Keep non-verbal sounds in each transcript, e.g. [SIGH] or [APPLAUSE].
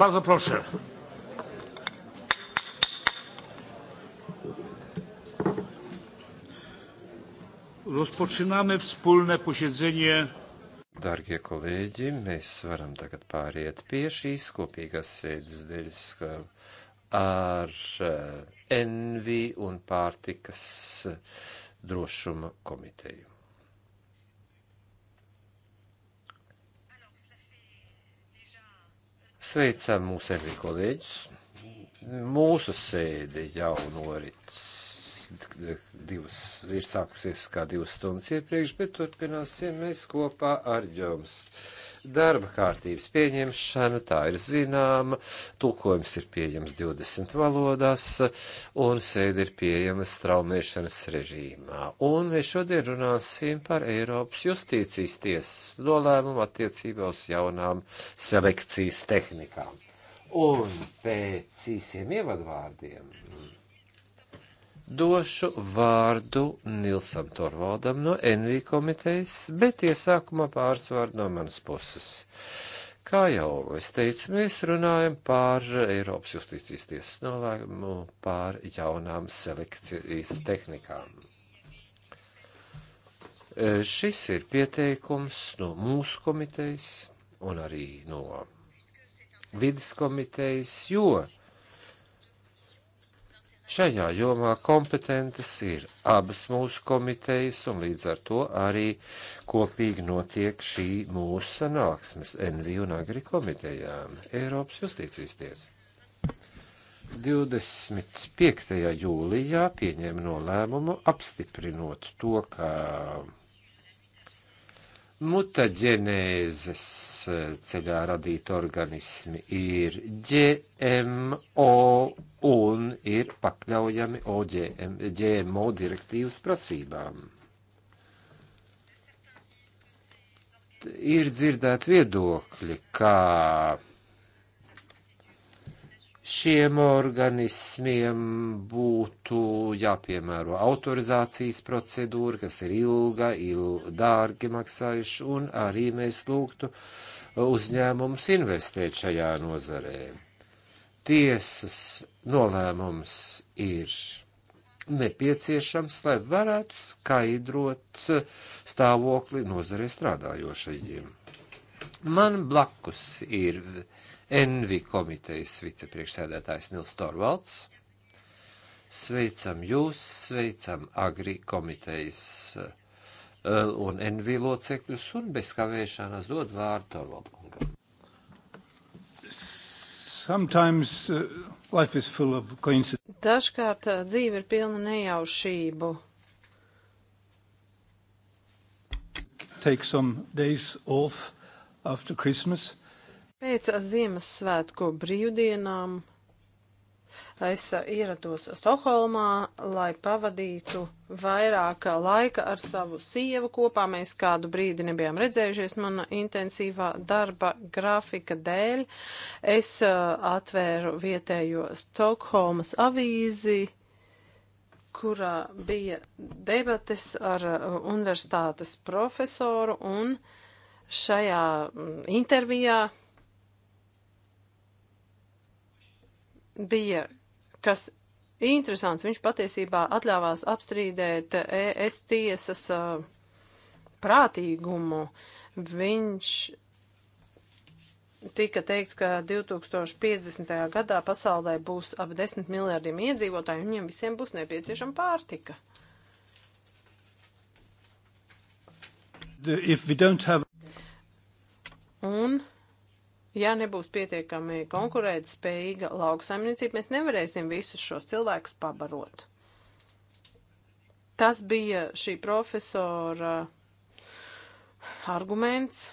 Bardzo proszę. Rozpoczynamy wspólne posiedzenie. Darbie kolēģi, mēs varam tagad pāriet pie šīs kopīgās sēdes daļas ar Envi eh, un pārtikas eh, drošuma komiteju. Sveicam mūsu ērgļu kolēģus. Mūsu sēde jau norits. Divas, ir sākusies kā divas stundas iepriekš, bet turpināsim mēs kopā ar jums darba kārtības pieņemšana, tā ir zināma, tulkojums ir pieejams 20 valodās, un sēde ir pieejama straumēšanas režīmā. Un mēs šodien runāsim par Eiropas justīcijas tiesas nolēmumu attiecībā uz jaunām selekcijas tehnikām. Un pēc īsiem ievadvārdiem. Mm došu vārdu Nilsam Torvaldam no NV komitejas, bet iesākumā pāris vārdu no manas puses. Kā jau es teicu, mēs runājam par Eiropas justīcijas tiesas nolēmumu par jaunām selekcijas tehnikām. E, šis ir pieteikums no mūsu komitejas un arī no vidas komitejas, jo Šajā jomā kompetentas ir abas mūsu komitejas, un līdz ar to arī kopīgi notiek šī mūsu sanāksmes NV un Agri komitejām Eiropas justīcijas tiesa. 25. jūlijā pieņēma nolēmumu apstiprinot to, ka mutaģenēzes eh, ceļā radīti organismi ir GMO un ir pakļaujami OGM, GMO direktīvas prasībām. Ir dzirdēt viedokļi, kā ka šiem organismiem būtu jāpiemēro autorizācijas procedūra, kas ir ilga, il, dārgi maksājuši, un arī mēs lūgtu uzņēmumus investēt šajā nozarē. Tiesas nolēmums ir nepieciešams, lai varētu skaidrot stāvokli nozarē strādājošajiem. Man blakus ir uh, Envi komitejas vicepriekšsēdētājs Nils Torvalds. Sveicam jūs, sveicam Agri komitejas eh, un Envi locekļus un bez kavēšanās dod vārdu Torvaldu kungam. Sometimes uh, life is full of coincidence. Dažkārt uh, dzīve ir pilna nejaušību. Take some days off after Christmas. Pēc Ziemassvētku brīvdienām es ierados Stokholmā, lai pavadītu vairāk laika ar savu sievu kopā. Mēs kādu brīdi nebijām redzējušies mana intensīvā darba grafika dēļ. Es uh, atvēru vietējo Stokholmas avīzi kurā bija debates ar uh, universitātes profesoru, un šajā mm, intervijā bija kas interesants. Viņš patiesībā atļāvās apstrīdēt ES tiesas prātīgumu. Viņš tika teikts, ka 2050. gadā pasaulē būs ap 10 miljārdiem iedzīvotāju, un viņiem visiem būs nepieciešama pārtika. The, have... Un Ja nebūs pietiekami konkurētspējīga lauksaimniecība, mēs nevarēsim visus šos cilvēkus pabarot. Tas bija šī profesora arguments,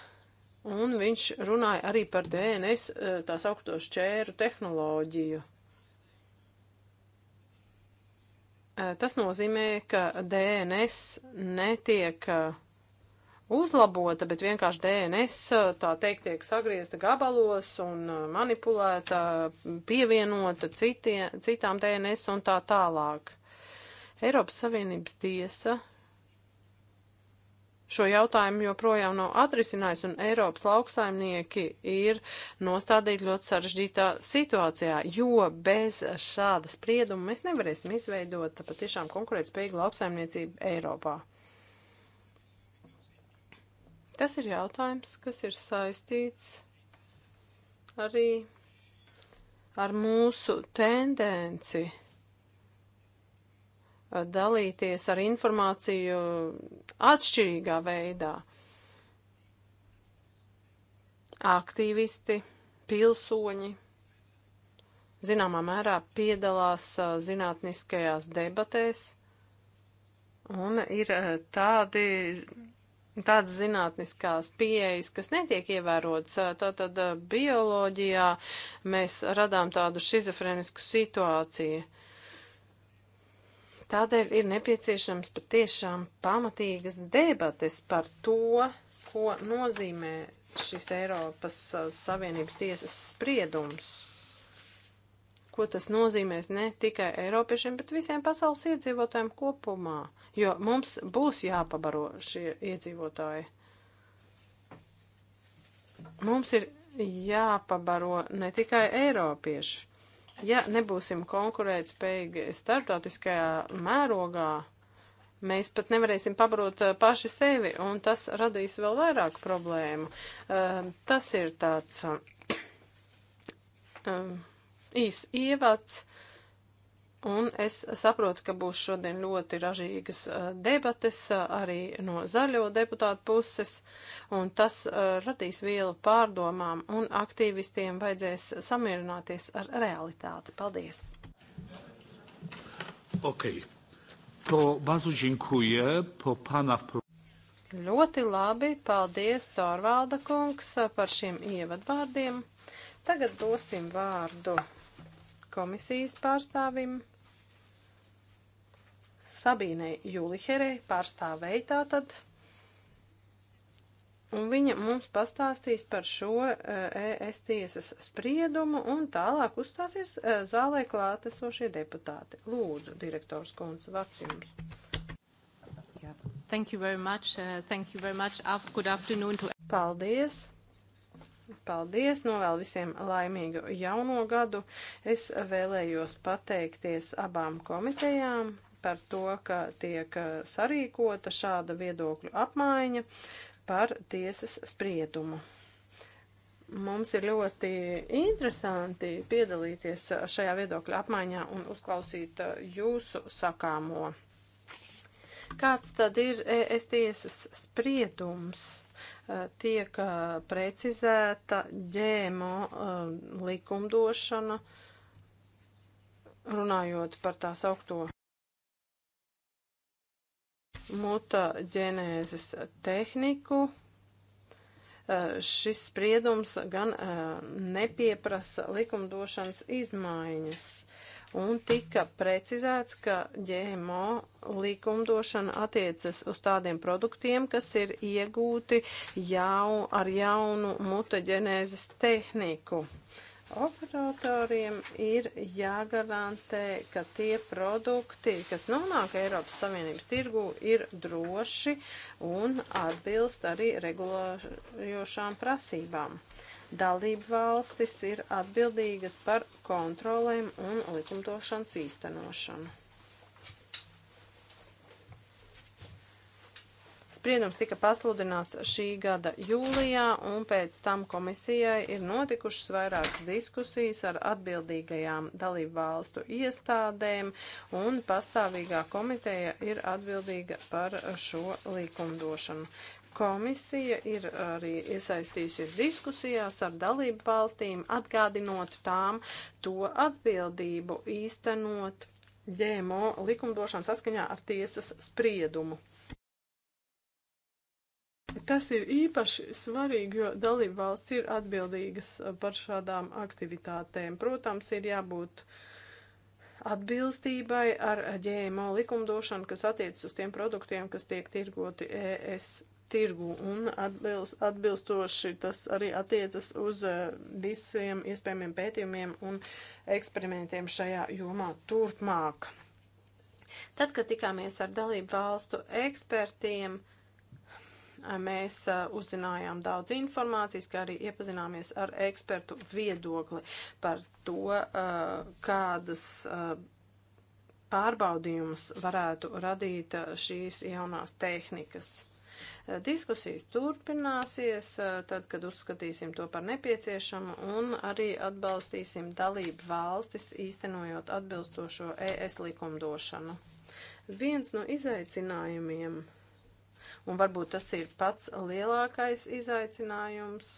un viņš runāja arī par DNS, eh, tās augtos čēru tehnoloģiju. Eh, tas nozīmē, ka DNS netiek uh, uzlabota, bet vienkārši DNS, tā teikt, tiek sagriezta gabalos un uh, manipulēta, pievienota citie, citām DNS un tā tālāk. Eiropas Savienības tiesa šo jautājumu joprojām nav atrisinājis, un Eiropas lauksaimnieki ir nostādīti ļoti sarežģītā situācijā, jo bez šāda sprieduma mēs nevarēsim izveidot patiešām konkurētspējīgu lauksaimniecību Eiropā. Tas ir jautājums, kas ir saistīts arī ar mūsu tendenci eh, dalīties ar informāciju atšķirīgā veidā. Aktīvisti, pilsoņi zināmā mērā piedalās eh, zinātniskajās debatēs, un ir eh, tādi tādas zinātniskās pieejas, kas netiek ievērotas. Tātad bioloģijā mēs radām tādu šizofrenisku situāciju. Tādēļ ir nepieciešams patiešām pamatīgas debates par to, ko nozīmē šis Eiropas Savienības tiesas spriedums ko tas nozīmēs ne tikai Eiropiešiem, bet visiem pasaules iedzīvotājiem kopumā, jo mums būs jāpabaro šie iedzīvotāji. Mums ir jāpabaro ne tikai Eiropieši. Ja nebūsim konkurētspējīgi starptautiskajā mērogā, Mēs pat nevarēsim pabarot eh, paši sevi, un tas radīs vēl vairāk problēmu. Eh, tas ir tāds um, īs ievads. Un es saprotu, ka būs šodien ļoti ražīgas debates arī no zaļo deputātu puses, un tas radīs vielu pārdomām, un aktīvistiem vajadzēs samierināties ar realitāti. Paldies! Okay. To bardzo dziękuję po pana Ļoti labi, paldies Tārvalda kungs par šiem ievadvārdiem. Tagad dosim vārdu komisijas pārstāvim Sabīnei Juliherei pārstāvēja tātad. Un viņa mums pastāstīs par šo ES eh, e tiesas spriedumu un tālāk uzstāsies eh, zālē klātesošie deputāti. Lūdzu, direktors Kunds, vārds jums. Thank you very much. Uh, thank you very much. Good afternoon to Paldies. Paldies, novēl visiem laimīgu jauno gadu. Es vēlējos pateikties abām komitejām par to, ka tiek eh, sarīkota šāda viedokļu apmaiņa par tiesas spriedumu mums ir ļoti interesanti piedalīties šajā viedokļa apmaiņā un uzklausīt eh, jūsu sakāmo. Kāds tad ir ES tiesas spriedums? E, tiek e, precizēta ģēmo e, likumdošana, runājot par tās augto mutaģenēzes tehniku. Šis spriedums gan nepieprasa likumdošanas izmaiņas un tika precizēts, ka GMO likumdošana attiecas uz tādiem produktiem, kas ir iegūti jau ar jaunu mutaģenēzes tehniku. Operatoriem ir jāgarantē, ka tie produkti, kas nonāk Eiropas Savienības tirgu, ir droši un atbilst arī regulējošām prasībām. Uh, Dalību valstis ir atbildīgas par kontrolēm un likumdošanas īstenošanu. Spriedums tika pasludināts šī gada jūlijā, un pēc tam komisijai ir notikušas vairākas diskusijas ar atbildīgajām dalību valstu iestādēm, un pastāvīgā komiteja ir atbildīga par šo likumdošanu. Komisija ir arī iesaistījusies diskusijās ar dalību valstīm, atgādinot tām to atbildību īstenot ģēmo likumdošanu saskaņā ar tiesas spriedumu. Tas ir īpaši svarīgi, jo dalību valsts ir atbildīgas par šādām aktivitātēm. Protams, ir jābūt atbilstībai ar ģēmo likumdošanu, kas attiecas uz tiem produktiem, kas tiek tirgoti ES tirgu un atbilst, atbilstoši tas arī attiecas uz eh, visiem iespējamiem pētījumiem un eksperimentiem šajā jomā turpmāk. Tad, kad tikāmies ar dalību valstu ekspertiem, eh, mēs eh, uzzinājām daudz informācijas, kā arī iepazināmies ar ekspertu viedokli par to, kādas pārbaudījumus varētu radīt šīs jaunās tehnikas. Diskusijas turpināsies, tad, kad uzskatīsim to par nepieciešamu un arī atbalstīsim dalību valstis īstenojot atbilstošo ES likumdošanu. Viens no izaicinājumiem, un varbūt tas ir pats lielākais izaicinājums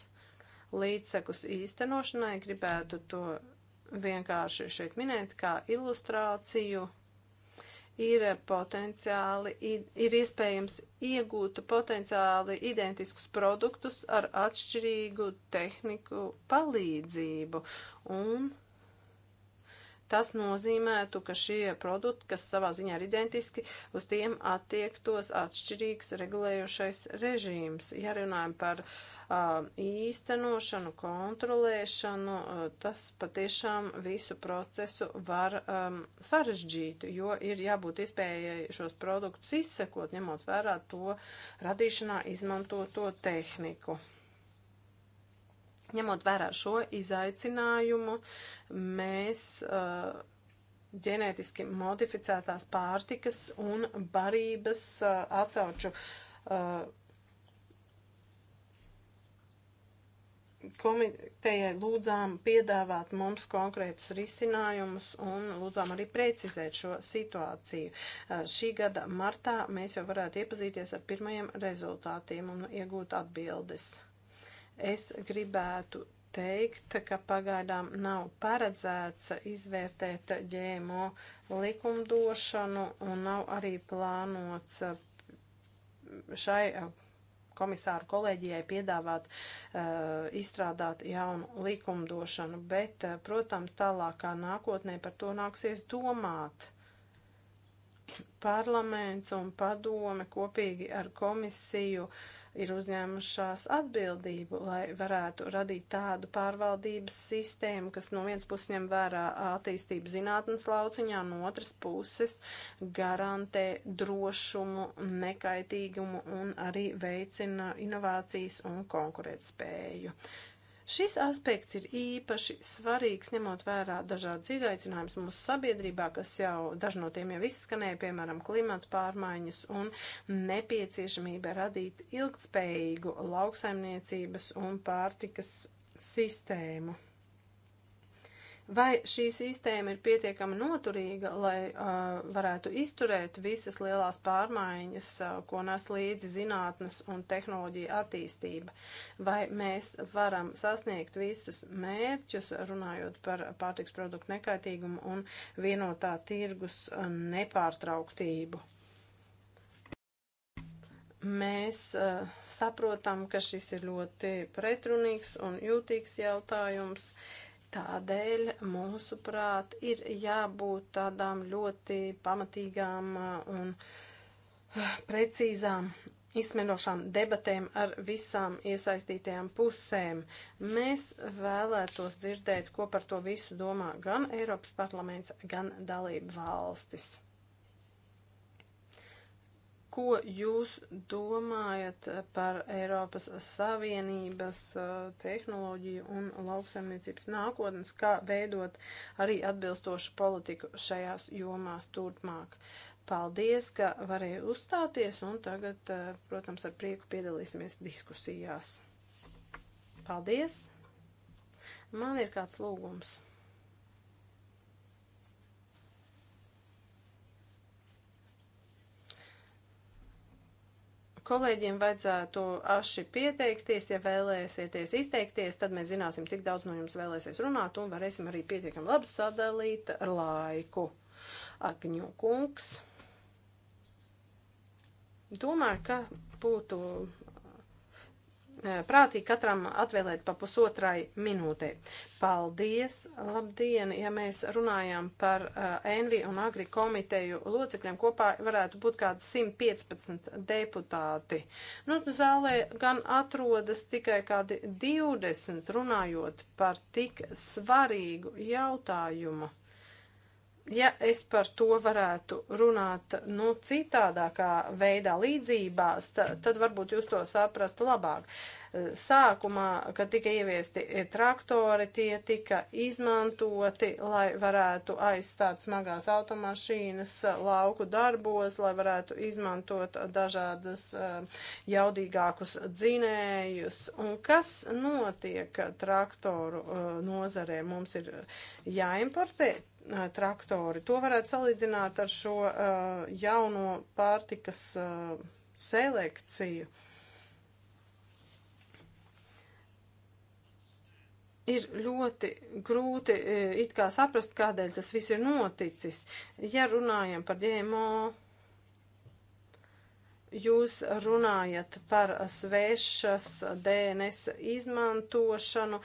līdzsekus īstenošanai, gribētu to vienkārši šeit minēt kā ilustrāciju ir potenciāli, ir iespējams iegūt potenciāli identiskus produktus ar atšķirīgu tehniku palīdzību. Un tas nozīmētu, ka šie produkti, kas savā ziņā ir identiski, uz tiem attiektos atšķirīgs regulējošais režīms. Ja runājam par uh, īstenošanu, kontrolēšanu, tas patiešām visu procesu var um, sarežģīt, jo ir jābūt iespējai šos produktus izsekot, ņemot vērā to radīšanā izmantoto tehniku. Ņemot vērā šo izaicinājumu, mēs uh, ģenētiski modificētās pārtikas un barības uh, atsauču uh, komitejai lūdzām piedāvāt mums konkrētus risinājumus un lūdzām arī precizēt šo situāciju. Šī gada martā mēs jau varētu iepazīties ar pirmajiem rezultātiem un iegūt atbildes. Es gribētu teikt, ka pagaidām nav paredzēts izvērtēt ģēmo likumdošanu un nav arī plānots šai komisāru kolēģijai piedāvāt uh, izstrādāt jaunu likumdošanu, bet, uh, protams, tālākā nākotnē par to nāksies domāt. Parlaments un padome kopīgi ar komisiju uh, ir uzņēmušās atbildību, lai varētu radīt tādu pārvaldības sistēmu, kas no vienas puses ņem vērā attīstību zinātnes lauciņā, no otras puses garantē drošumu, nekaitīgumu un arī veicina inovācijas un konkurētspēju. spēju. Šis aspekts ir īpaši svarīgs, ņemot vērā dažādas izaicinājumus mūsu sabiedrībā, kas jau daži no tiem jau izskanēja, piemēram, klimata pārmaiņas un nepieciešamība radīt ilgtspējīgu lauksaimniecības un pārtikas sistēmu. Vai šī sistēma ir pietiekami noturīga, lai uh, varētu izturēt visas lielās pārmaiņas, uh, ko nes līdzi zinātnes un tehnoloģija attīstība? Vai mēs varam sasniegt visus mērķus, runājot par pārtiks produktu nekaitīgumu un vienotā tirgus uh, nepārtrauktību? Mēs uh, saprotam, ka šis ir ļoti pretrunīgs un jūtīgs jautājums. Uh, Tādēļ, mūsuprāt, ir jābūt tādām ļoti pamatīgām uh, un uh, precīzām izsmeļošām debatēm ar visām iesaistītajām pusēm. Mēs vēlētos dzirdēt, ko par to visu domā gan Eiropas parlaments, gan dalību valstis. Ko jūs domājat par Eiropas Savienības uh, tehnoloģiju un lauksaimniecības nākotnes, kā veidot arī atbilstošu politiku šajās jomās turpmāk? Paldies, ka varēju uzstāties un tagad, uh, protams, ar prieku piedalīsimies diskusijās. Paldies! Man ir kāds lūgums. Kolēģiem vajadzētu aši pieteikties, ja vēlēsieties izteikties, tad mēs zināsim, cik daudz no jums vēlēsies runāt un varēsim arī pietiekami labi sadalīt laiku. Agņu kungs. Domāju, ka būtu E, prātīgi katram atvēlēt pa pusotrai minūtē. Paldies! Labdien! Ja mēs runājam par e, Envi un Agri komiteju locekļiem, kopā varētu būt kādi 115 deputāti. Nu, zālē gan atrodas tikai kādi 20 runājot par tik svarīgu jautājumu ja es par to varētu runāt, nu, citādākā veidā līdzībās, tad, tad varbūt jūs to saprastu labāk. Sākumā, kad tika ieviesti traktori, tie tika izmantoti, lai varētu aizstāt smagās automašīnas lauku darbos, lai varētu izmantot dažādas eh, jaudīgākus dzinējus. Un kas notiek traktoru eh, nozarē? Mums ir jāimportē traktori. To varētu salīdzināt ar šo jauno pārtikas selekciju. ir ļoti grūti it kā saprast, kādēļ tas viss ir noticis. Ja runājam par GMO Jūs runājat par svešas DNS izmantošanu,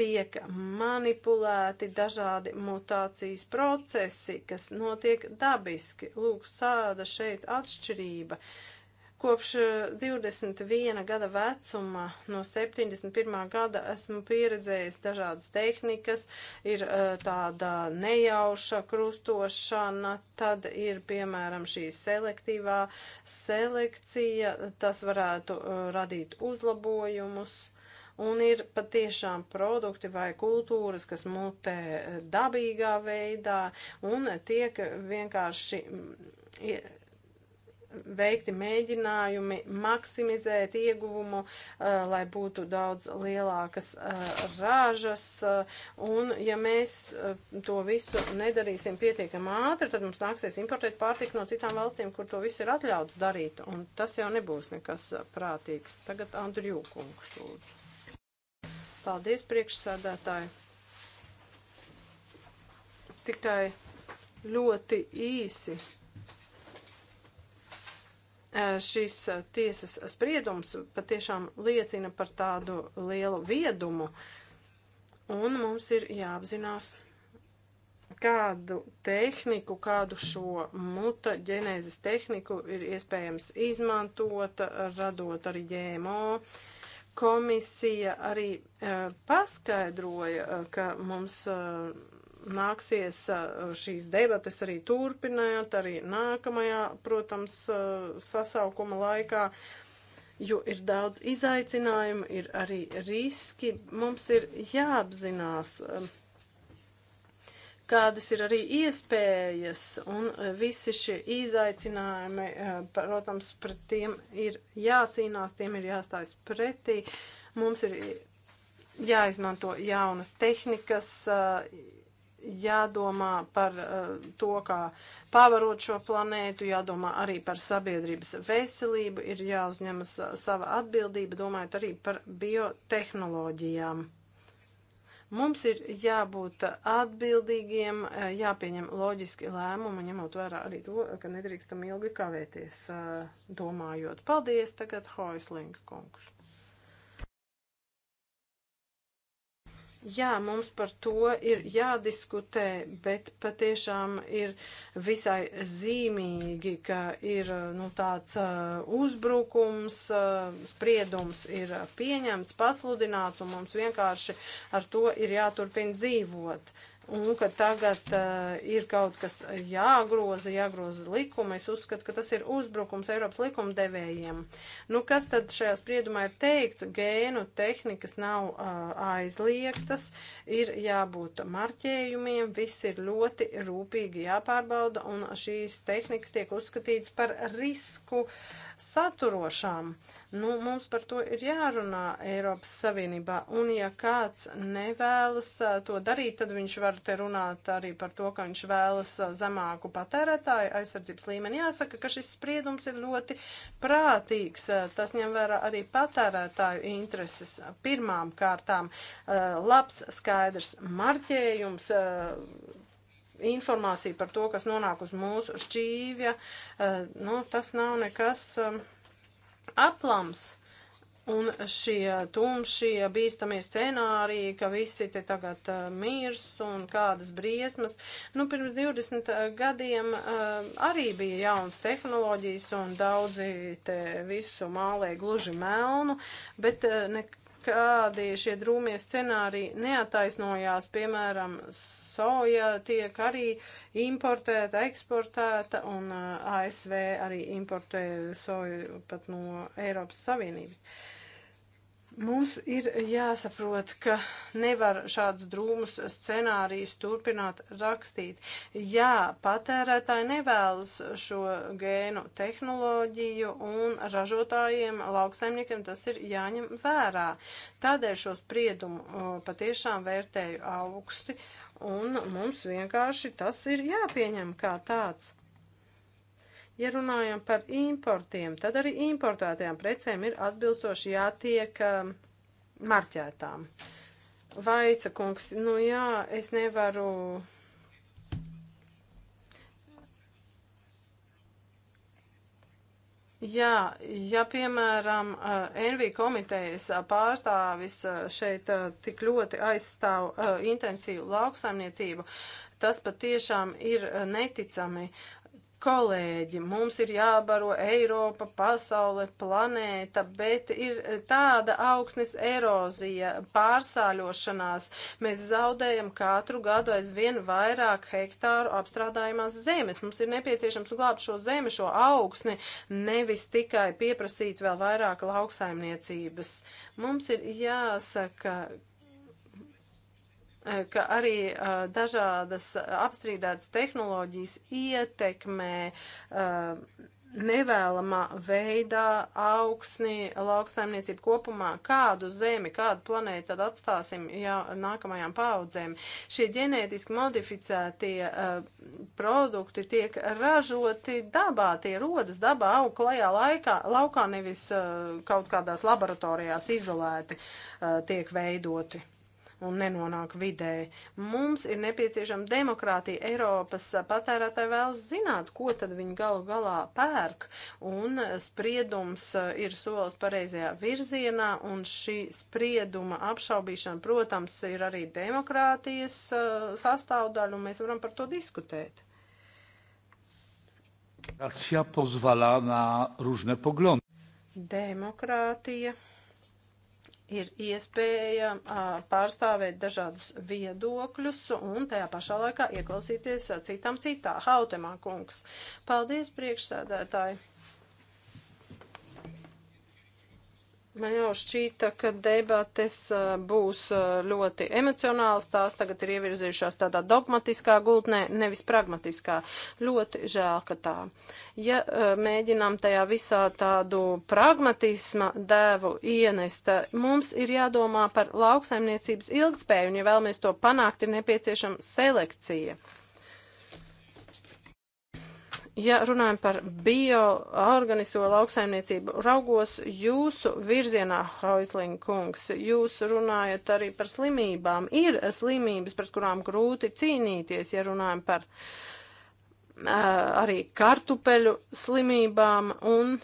tiek manipulēti dažādi mutācijas procesi, kas notiek dabiski. Lūk, sāda šeit atšķirība. Uh, Kopš 21 eh, gada vecuma, no 71 gada, esmu pieredzējis dažādas tehnikas, ir eh, tāda nejauša krustošana, tad ir, piemēram, šī selektīvā selekcija, tas varētu eh, radīt uzlabojumus un ir patiešām produkti vai kultūras, kas mutē dabīgā veidā un tiek vienkārši mm, veikti mēģinājumi maksimizēt ieguvumu, eh, lai būtu daudz lielākas eh, ražas. Eh, un ja mēs to visu nedarīsim pietiekam ātri, tad mums nāksies importēt pārtiku no citām valstīm, kur to viss ir atļauts darīt. Un tas jau nebūs nekas prātīgs. Tagad Andriju kungs lūdzu. Paldies priekšsādātāji. Tikai ļoti īsi šis tiesas spriedums patiešām liecina par tādu lielu viedumu, un mums ir jāapzinās, kādu tehniku, kādu šo mutaģenēzes tehniku ir iespējams izmantot, radot arī ģēmo. Komisija arī e, paskaidroja, ka mums e, nāksies šīs debates arī turpināt, arī nākamajā, protams, sasaukuma laikā, jo ir daudz izaicinājumu, ir arī riski. Mums ir jāapzinās, kādas ir arī iespējas, un visi šie izaicinājumi, protams, pret tiem ir jācīnās, tiem ir jāstājas pretī. Mums ir jāizmanto jaunas tehnikas, jādomā par uh, to, kā pavarot šo planētu, jādomā arī par sabiedrības veselību, ir jāuzņemas eh, sava atbildība, domājot arī par biotehnoloģijām. Mums ir jābūt atbildīgiem, eh, jāpieņem loģiski lēmumi, ņemot vērā arī to, ka nedrīkstam ilgi kavēties, domājot. Paldies, tagad Hoislinga kungs. Jā, mums par to ir jādiskutē, bet patiešām ir visai zīmīgi, ka ir nu, tāds uh, uzbrukums, uh, spriedums ir pieņemts, pasludināts, un mums vienkārši ar to ir jāturpina dzīvot un ka tagad uh, ir kaut kas jāgroza, jāgroza likuma. Es uzskatu, ka tas ir uzbrukums Eiropas likumdevējiem. Nu, kas tad šajā spriedumā ir teikts? Gēnu tehnikas nav uh, aizliegtas, ir jābūt marķējumiem, viss ir ļoti rūpīgi jāpārbauda, un šīs tehnikas tiek uzskatītas par risku saturošām. Uh, Nu, mums par to ir jārunā Eiropas Savienībā, un ja kāds nevēlas to darīt, tad viņš var te runāt arī par to, ka viņš vēlas zemāku patērētāju aizsardzības līmeni. Jāsaka, ka šis spriedums ir ļoti prātīgs, tas ņem vērā arī patērētāju intereses pirmām kārtām. Labs, skaidrs marķējums informācija par to, kas nonāk uz mūsu šķīvja, nu, tas nav nekas aplams. Un šie tumšie, bīstamie scenāriji, ka visi te tagad uh, mirs un kādas briesmas. Nu, pirms 20 eh, gadiem uh, arī bija jaunas tehnoloģijas un daudzi te visu mālē gluži melnu, bet uh, ne, kādi šie drūmie scenāriji neataisnojās, piemēram, soja tiek arī importēta, eksportēta, un ASV arī importē soju pat no Eiropas Savienības. Uh, Mums ir jāsaprot, ka nevar šādus drūmus scenārijus turpināt rakstīt. Jā, patērētāji nevēlas šo gēnu tehnoloģiju un ražotājiem, lauksaimniekiem tas ir jāņem vērā. Tādēļ šo spriedumu patiešām vērtēju augsti un mums vienkārši tas ir jāpieņem kā tāds. Ja runājam par importiem, tad arī importētajām precēm ir atbilstoši jātiek um, marķētām. Vaica kungs, nu jā, es nevaru. Jā, ja piemēram eh, NV komitejas pārstāvis eh, šeit eh, tik ļoti aizstāv intensīvu lauksaimniecību, tas patiešām ir neticami. Kolēģi, mums ir jābaro Eiropa, pasaule, planēta, bet ir tāda augsnes erozija, pārsāļošanās. Mēs zaudējam katru gadu aizvien vairāk hektāru apstrādājumās zemes. Mums ir nepieciešams glābt šo zemi, šo augsni, nevis tikai pieprasīt vēl vairāk lauksaimniecības. Mums ir jāsaka, ka arī uh, dažādas apstrīdētas tehnoloģijas ietekmē uh, nevēlamā veidā augsni lauksaimniecību kopumā, kādu zemi, kādu planētu tad atstāsim jau nākamajām paudzēm. Šie ģenētiski modificētie uh, produkti tiek ražoti dabā, tie rodas dabā, aug klajā laikā, laukā nevis uh, kaut kādās laboratorijās izolēti uh, tiek veidoti un nenonāk vidē. Mums ir nepieciešama demokrātija. Eiropas patērētāji vēlas zināt, ko tad viņi galu galā pērk, un spriedums ir solis pareizajā virzienā, un šī sprieduma apšaubīšana, protams, ir arī demokrātijas uh, sastāvdaļa, un mēs varam par to diskutēt. Demokrātija pozvalā na różne poglądy. Demokrātija ir iespēja pārstāvēt dažādus viedokļus un tajā pašā laikā ieklausīties citam citā. Hautemā kungs. Paldies, priekšsēdētāji! Man jau šķīta, ka debates e, būs e, ļoti emocionāls, tās tagad ir ievirzījušās tādā dogmatiskā gultnē, nevis pragmatiskā. Ļoti žēl, ka tā. Ja e, mēģinām tajā visā tādu pragmatisma dēvu ienest, mums ir jādomā par lauksaimniecības ilgspēju, un ja vēlamies to panākt, ir nepieciešama selekcija. Ja runājam par bioorganisko lauksaimniecību, raugos jūsu virzienā, Hoisling kungs, jūs runājat arī par slimībām. Ir slimības, pret kurām grūti cīnīties, ja runājam par uh, arī kartupeļu slimībām un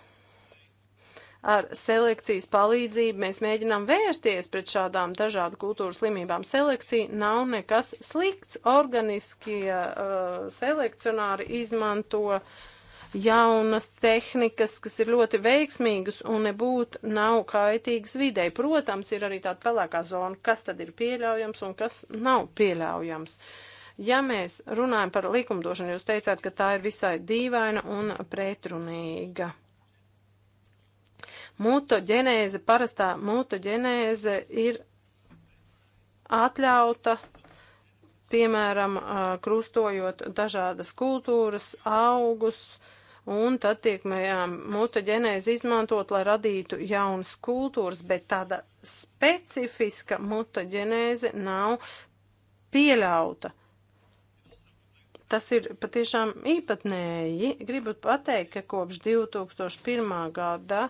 Ar selekcijas palīdzību mēs mēģinām vērsties pret šādām dažādu kultūru slimībām. Selekcija nav nekas slikts. Organiskie uh, selekcionāri izmanto uh, jaunas tehnikas, kas ir ļoti veiksmīgas un nebūt nav kaitīgas videi. Protams, ir arī tāda pelēkā zona, kas tad ir pieļaujams un kas nav pieļaujams. Ja mēs runājam par likumdošanu, jūs teicāt, ka tā ir visai dīvaina un pretrunīga. Mutaģenēze, parastā mutaģenēze ir atļauta, piemēram, krustojot dažādas kultūras, augus, un tad tiek mutaģenēzi izmantot, lai radītu jaunas kultūras, bet tāda specifiska mutaģenēze nav pieļauta. Tas ir patiešām īpatnēji. Gribu pateikt, ka kopš 2001. gada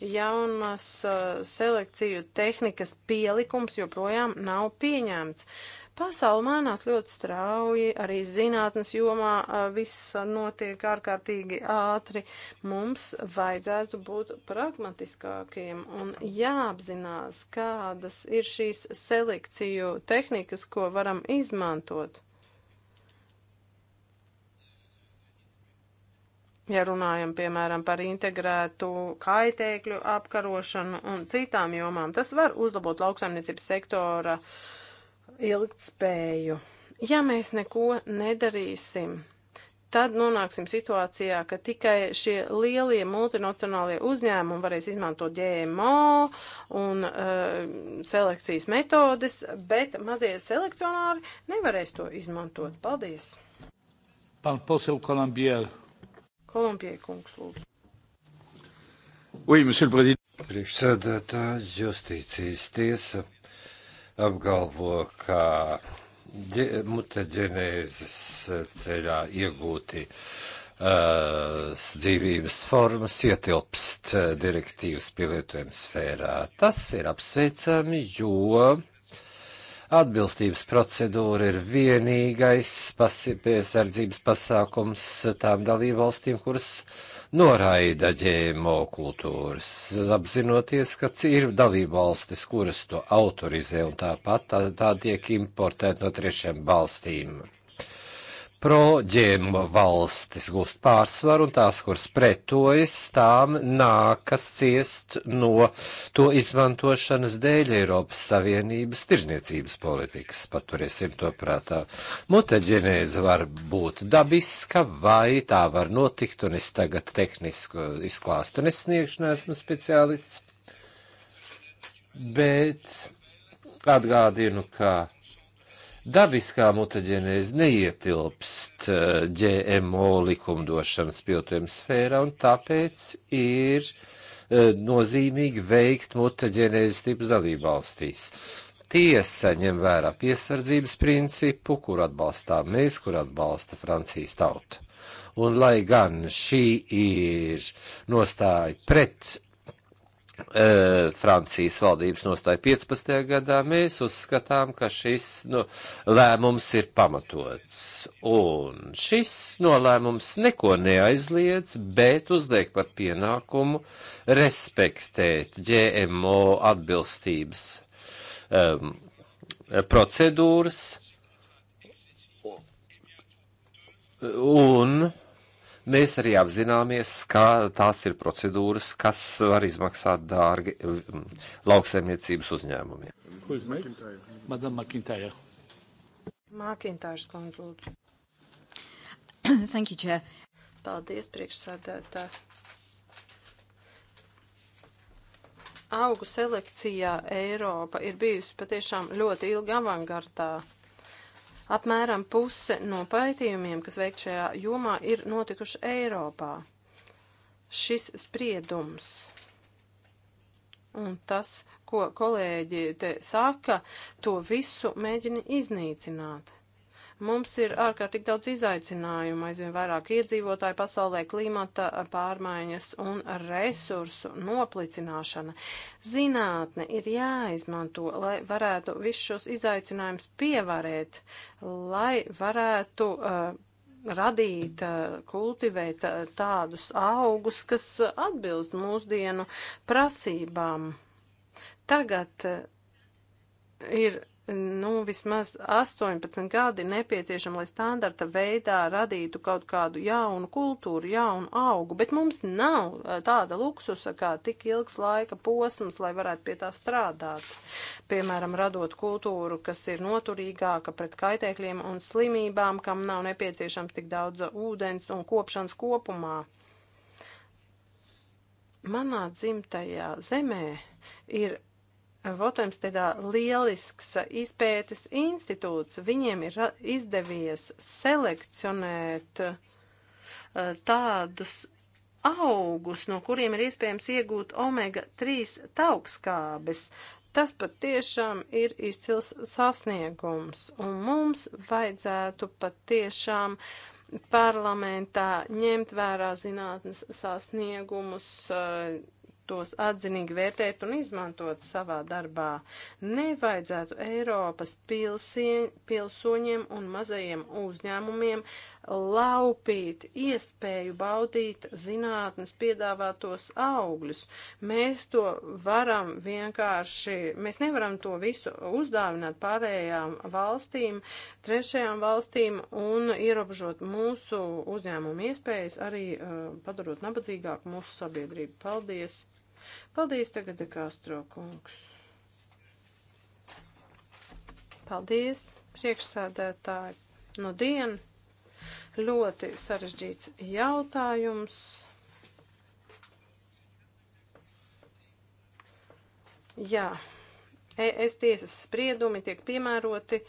Jaunas eh, selekciju tehnikas pielikums joprojām nav pieņemts. Pasaule mainās ļoti strauji, arī zinātnes jomā eh, viss notiek ārkārtīgi ātri. Mums vajadzētu būt pragmatiskākiem un jāapzinās, kādas ir šīs selekciju tehnikas, ko varam izmantot. ja runājam, piemēram, par integrētu kaitēkļu apkarošanu un citām jomām, tas var uzlabot lauksaimniecības sektora ilgtspēju. Ja mēs neko nedarīsim, tad nonāksim situācijā, ka tikai šie lielie multinacionālie uzņēmumi varēs izmantot GMO un uh, selekcijas metodes, bet mazie selekcionāri nevarēs to izmantot. Paldies! Pan poseł Colombier. Kolumbijai kungs lūdzu. Oui, monsieur le président. Priekšsēdētāja justīcijas tiesa apgalvo, ka mutaģenēzes ceļā iegūti uh, dzīvības formas ietilpst direktīvas pielietojuma sfērā. Tas ir apsveicami, jo Atbilstības procedūra ir vienīgais piesardzības pasākums tām dalībvalstīm, kuras noraida ģēmo kultūras, apzinoties, ka ir dalībvalstis, kuras to autorizē un tāpat tā, tā tiek importēta no trešiem valstīm proģēmu valstis gūst pārsvaru, un tās, kuras pretojas, tām nākas ciest no to izmantošanas dēļ Eiropas Savienības tirzniecības politikas. Paturiesim to prātā. Mutaģenēze var būt dabiska, vai tā var notikt, un es tagad tehnisku izklāstu nesniegšu, neesmu speciālists. Bet atgādinu, ka dabiskā mutaģenēze neietilpst eh, GMO likumdošanas pietojuma sfērā, un tāpēc ir eh, nozīmīgi veikt mutaģenēzes tipus dalībvalstīs. Tiesa ņem vērā piesardzības principu, kur atbalstām mēs, kur atbalsta Francijas tauta. Un lai gan šī ir nostāja pret E, Francijas valdības nostāja 15. gadā, mēs uzskatām, ka šis nu, lēmums ir pamatots. Un šis nolēmums neko neaizliedz, bet uzliek par pienākumu respektēt GMO atbilstības um, procedūras un Mēs arī apzināmies, ka tās ir procedūras, kas var izmaksāt dārgi mm, lauksaimniecības uzņēmumiem. Ko jūs mēģināt? Madam McIntyre. McIntyre, kundze, lūdzu. [COUGHS] Thank you, Chair. Paldies, priekšsādātāji. Augu selekcijā Eiropa ir bijusi patiešām ļoti ilgi avangardā. Apmēram puse no pētījumiem, kas veikt šajā jomā, ir notikuši Eiropā. Šis spriedums un tas, ko kolēģi te saka, to visu mēģina iznīcināt. Mums ir ārkārtīgi daudz izaicinājumu, aizvien vairāk iedzīvotāju pasaulē, klimata pārmaiņas un resursu noplicināšana. Zinātne ir jāizmanto, lai varētu visus šos izaicinājumus pievarēt, lai varētu uh, radīt, uh, kultivēt uh, tādus augus, kas atbilst mūsdienu prasībām. Tagad uh, ir nu, vismaz 18 gadi nepieciešami, lai standarta veidā radītu kaut kādu jaunu kultūru, jaunu augu, bet mums nav eh, tāda luksusa kā tik ilgs laika posms, lai varētu pie tā strādāt. Piemēram, radot kultūru, kas ir noturīgāka pret kaitēkļiem un slimībām, kam nav nepieciešams tik daudz ūdens un kopšanas kopumā. Manā dzimtajā zemē ir Votams tādā lielisks izpētes institūts. Viņiem ir izdevies selekcionēt eh, tādus augus, no kuriem ir iespējams iegūt omega-3 taukskābes. Tas pat tiešām ir izcils sasniegums, un mums vajadzētu pat tiešām parlamentā ņemt vērā zinātnes sasniegumus, eh, tos atzinīgi vērtēt un izmantot savā darbā. Nevajadzētu Eiropas pilsie, pilsoņiem un mazajiem uzņēmumiem uh, laupīt iespēju baudīt zinātnes piedāvātos augļus. Mēs to varam vienkārši, mēs nevaram to visu uzdāvināt pārējām valstīm, trešajām valstīm un ierobežot mūsu uzņēmumu iespējas, arī uh, padarot nabadzīgāku mūsu sabiedrību. Paldies! Paldies tagad, Dekāstro kungs! Paldies, priekšsēdētāji! No dienu! Ļoti sarežģīts jautājums. Jā, ES tiesas spriedumi tiek piemēroti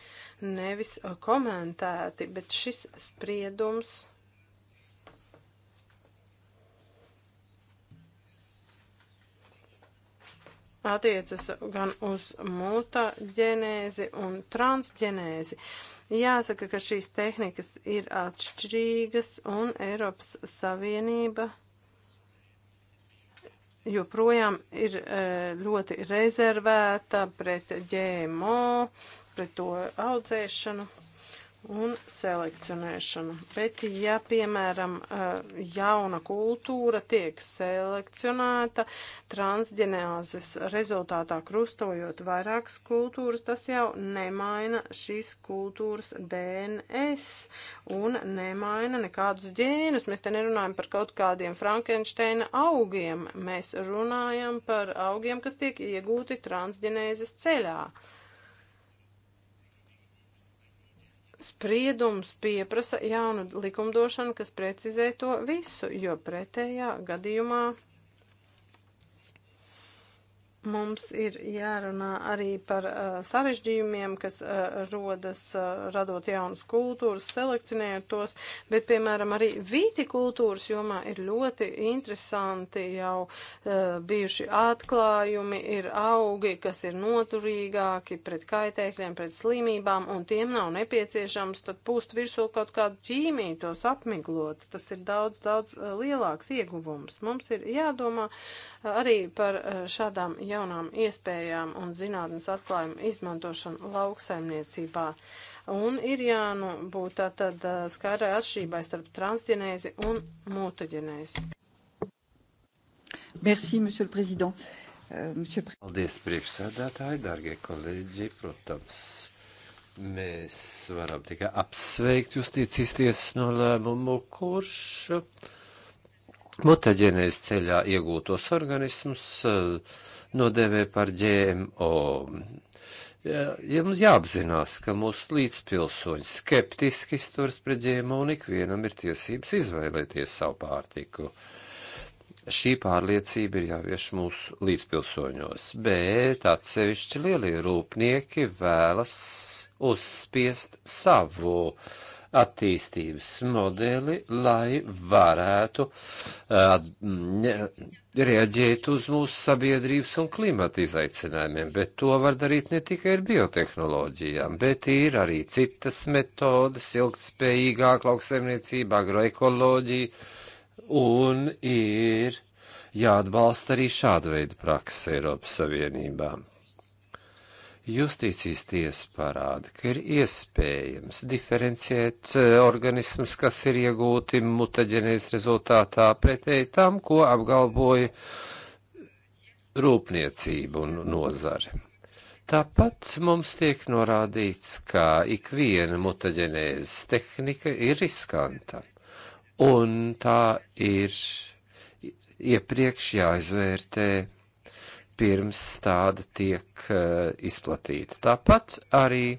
nevis komentēti, bet šis spriedums. Attiecas gan uz mutaģenēzi un transģenēzi. Uh, Jāsaka, ka šīs tehnikas ir atšķirīgas un Eiropas Savienība joprojām ir e, ļoti rezervēta pret ģēmo, pret to audzēšanu un selekcionēšanu. Bet, ja, piemēram, jauna kultūra tiek selekcionēta transģenēzes rezultātā krustojot vairākas kultūras, tas jau nemaina šīs kultūras DNS un nemaina nekādus ģēnus. Mēs te nerunājam par kaut kādiem Frankensteina augiem, mēs runājam par augiem, kas tiek iegūti transģenēzes ceļā. Spriedums pieprasa jaunu likumdošanu, kas precizē to visu, jo pretējā gadījumā Mums ir jārunā arī par uh, sarežģījumiem, kas uh, rodas uh, radot jaunas kultūras, selekcionējot tos, bet, piemēram, arī vītikultūras jomā ir ļoti interesanti jau uh, bijuši atklājumi, ir augi, kas ir noturīgāki pret kaitēkļiem, pret slimībām, un tiem nav nepieciešams tad pūst virsū kaut kādu ķīmiju, tos apmiglot. Tas ir daudz, daudz uh, lielāks ieguvums. Mums ir jādomā arī par e, šādām jaunām iespējām un zinātnes atklājumu izmantošanu lauksaimniecībā. Un ir jābūt nu, tātad e, skaidrai atšķirībai starp transģenēzi un mutaģenēzi. Merci, monsieur le président. Euh, monsieur... Paldies, priekšsēdētāji, dārgie kolēģi, protams. Mēs varam tikai apsveikt justīcijas tiesas nolēmumu, kurš mutaģenēs ceļā iegūtos organismus eh, nodēvē par ģēmo. Ja mums jāapzinās, ka mūsu līdzpilsoņi skeptiski izturas pret ģēmo un ikvienam ir tiesības izvēlēties savu pārtiku. Šī pārliecība ir jāvieš mūsu līdzpilsoņos, bet atsevišķi lielie rūpnieki vēlas uzspiest savu uh, attīstības modeli, lai varētu uh, reaģēt uz mūsu sabiedrības un klimata izaicinājumiem, bet to var darīt ne tikai ar biotehnoloģijām, bet ir arī citas metodas, ilgtspējīgāk lauksaimniecība, agroekoloģija un ir jāatbalsta arī šāda veida praksa Eiropas Savienībām. Justīcijas tiesa parāda, ka ir iespējams diferencēt eh, organismus, kas ir iegūti mutaģenēs rezultātā pretēji tam, ko apgalvoja rūpniecība un nozare. Tāpat mums tiek norādīts, ka ikviena mutaģenēzes tehnika ir riskanta, un tā ir iepriekš jāizvērtē pirms tāda tiek eh, izplatīta. Tāpat arī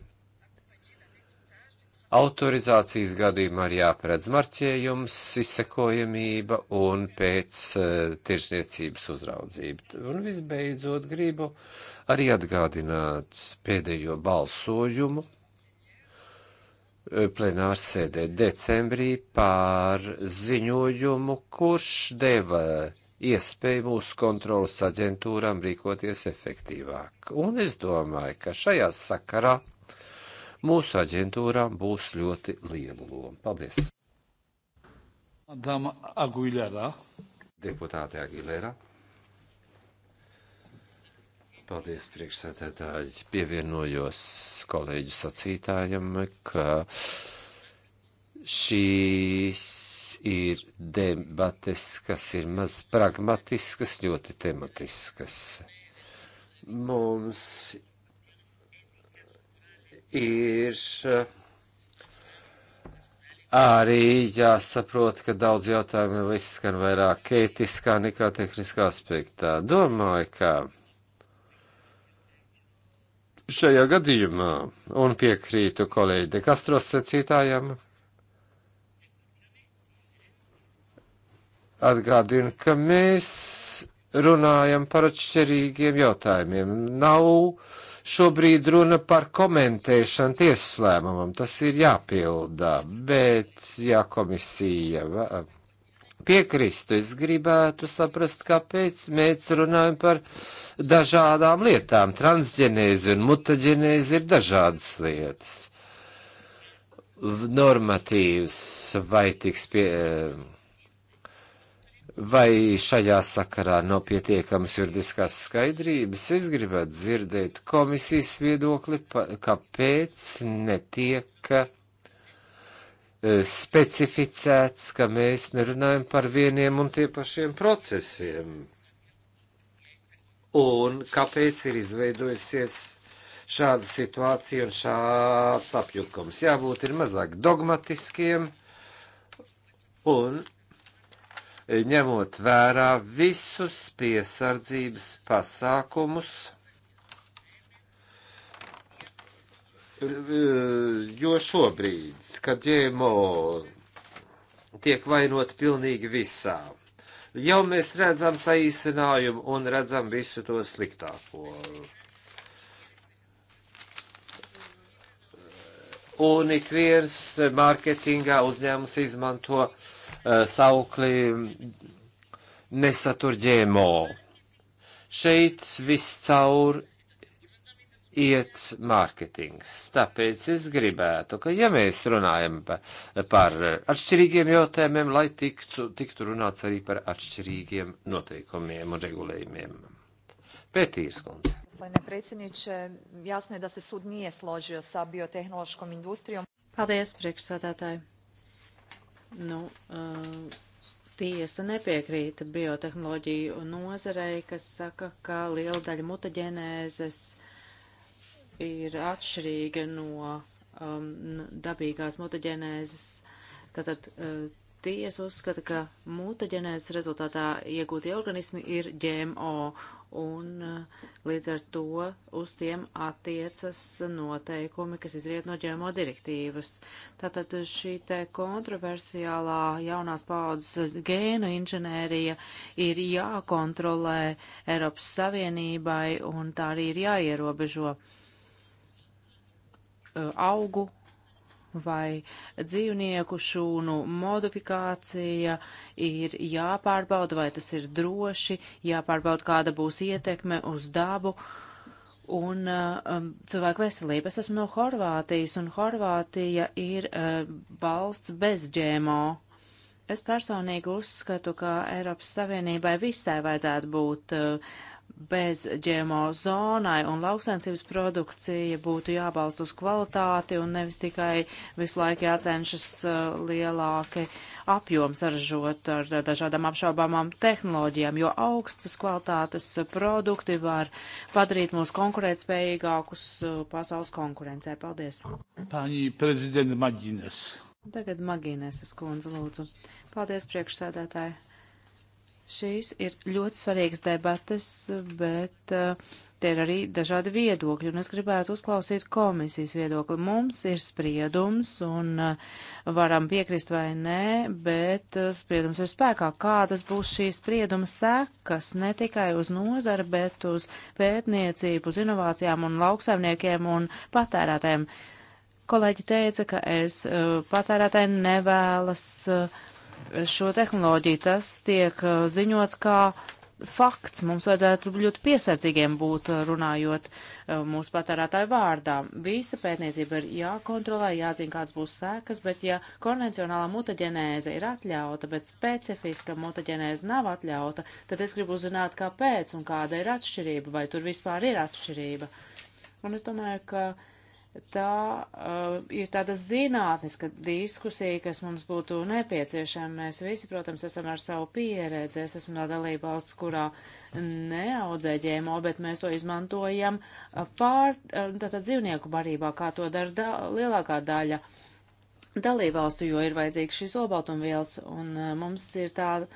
autorizācijas gadījumā ir jāparedz marķējums, izsekojamība un pēc eh, tirsniecības uzraudzība. Un visbeidzot gribu arī atgādināt pēdējo balsojumu eh, plenāra sēdē decembrī pār ziņojumu, kurš deva uh, iespēju mūsu kontrolas aģentūram rīkoties efektīvāk. Un es domāju, ka šajā sakarā mūsu aģentūrām būs ļoti liela loma. Paldies! Madama Aguilera. Deputāte Aguilera. Paldies, priekšsēdētāji. Pievienojos kolēģu sacītājam, ka šīs ir debates, kas ir maz pragmatiskas, ļoti tematiskas. Mums ir eh, arī jāsaprot, ka daudz jautājumu jau izskan vairāk ētiskā nekā tehniskā aspektā. Domāju, ka šajā gadījumā, un piekrītu kolēģi De Castro sacītājam, atgādina, ka mēs runājam par atšķirīgiem jautājumiem. Nav šobrīd runa par komentēšanu tiesas lēmumam, tas ir jāpildā, bet ja komisija piekristu, es gribētu saprast, kāpēc mēs runājam par dažādām lietām. Transģenēzi un mutaģenēzi ir dažādas lietas. Normatīvs vai tiks pie. Uh, Vai šajā sakarā nav pietiekams juridiskās skaidrības? Es gribētu dzirdēt komisijas viedokli, pa, kāpēc netiek e, specificēts, ka mēs nerunājam par vieniem un tie pašiem procesiem. Un kāpēc ir izveidojusies šāda situācija un šāds apjukums? Jābūt ir mazāk dogmatiskiem un E, ņemot vērā visus piesardzības pasākumus, e, jo šobrīd, kad ģēmo tiek vainot pilnīgi visā, jau mēs redzam saīsinājumu un redzam visu to sliktāko. Un ik viens mārketingā uzņēmums izmanto uh, saukli nesatur ģēmo. Šeit viscaur iet mārketings. Tāpēc es gribētu, ka ja mēs runājam par atšķirīgiem jautājumiem, lai tiktu, tiktu runāts arī par atšķirīgiem noteikumiem un regulējumiem. Pētīrs kundze. Gospodine predsjedniče, jasno je da se sud nije složio sa biotehnološkom industrijom. Paldies, priekšsādātāji. Nu, tiesa nepiekrīt biotehnoloģiju nozarei, kas saka, ka liela daļa mutaģenēzes ir atšķirīga no um, dabīgās mutaģenēzes. Tātad uh, tiesa uzskata, ka mutaģenēzes rezultātā iegūtie organismi ir GMO, un eh, līdz ar to uz tiem attiecas noteikumi, kas izriet no ģēmo direktīvas. Tātad šī te kontroversiālā jaunās paudzes gēnu inženērija ir jākontrolē Eiropas Savienībai un tā arī ir jāierobežo eh, augu vai dzīvnieku šūnu modifikācija ir jāpārbauda, vai tas ir droši, jāpārbauda, kāda būs ietekme uz dabu un uh, um, cilvēku veselību. Es esmu no Horvātijas, un Horvātija ir uh, valsts bez ģēmo. Es personīgi uzskatu, ka Eiropas Savienībai visai vajadzētu būt uh, bez ģēmo zonai un lauksainicības produkcija būtu jābalst uz kvalitāti un nevis tikai visu laiku jācenšas uh, lielāki apjoms saražot ar dažādām apšaubāmām tehnoloģijām, jo augstas kvalitātes uh, produkti var padarīt mūs konkurētspējīgākus uh, pasaules konkurencē. Paldies! Pani prezidenta Magines. Tagad Magines skundze lūdzu. Paldies priekšsēdētāji! Šīs ir ļoti svarīgas debatas, bet uh, te ir arī dažādi viedokļi, un es gribētu uzklausīt komisijas viedokli. Mums ir spriedums, un uh, varam piekrist vai nē, bet uh, spriedums ir spēkā. Kādas būs šīs sprieduma sekas ne tikai uz nozara, bet uz pētniecību, uz inovācijām un lauksaimniekiem un patērētājiem? Kolēģi teica, ka es patērētāji nevēlas. Uh, šo tehnoloģiju, tas tiek uh, ziņots kā fakts. Mums vajadzētu ļoti piesardzīgiem būt uh, runājot uh, mūsu patērētāju vārdā. Visa pētniecība ir jākontrolē, jāzina, kāds būs sēkas, bet ja konvencionālā mutaģenēze ir atļauta, bet specifiska mutaģenēze nav atļauta, tad es gribu uzzināt, kāpēc un kāda ir atšķirība, vai tur vispār ir atšķirība. Un es domāju, ka uh, tā uh, ir tāda zinātniska diskusija, kas mums būtu nepieciešama. Mēs visi, protams, esam ar savu pieredzi. Es esmu no dalība valsts, kurā neaudzē ģēmo, bet mēs to izmantojam pār, uh, tātad dzīvnieku barībā, kā to dara da, lielākā daļa dalībvalstu, jo ir vajadzīgs šis obaltumvielas, un uh, mums ir tāda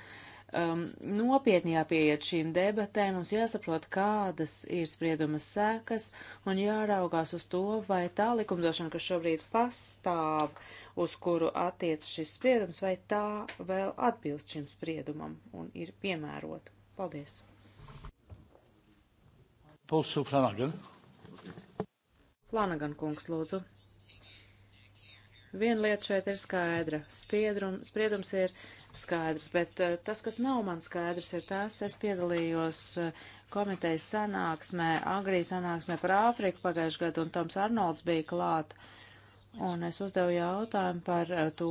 um, nopietni jāpieiet šīm debatēm, mums jāsaprot, kādas ir spriedumas sekas un jāraugās uz to, vai tā likumdošana, kas šobrīd pastāv, uz kuru attiec šis spriedums, vai tā vēl atbilst šim spriedumam un ir piemērota. Paldies! Pulsu Flanagan. Flanagan kungs, lūdzu. Viena lieta šeit ir skaidra. Spiedrum, spriedums ir skaidrs, bet eh, tas, kas nav man skaidrs, ir tas, es piedalījos eh, komitejas sanāksmē, Angrija sanāksmē par Āfriku pagājušajā gadu, un Toms Arnolds bija klāt. Un es uzdevu jautājumu par eh, to,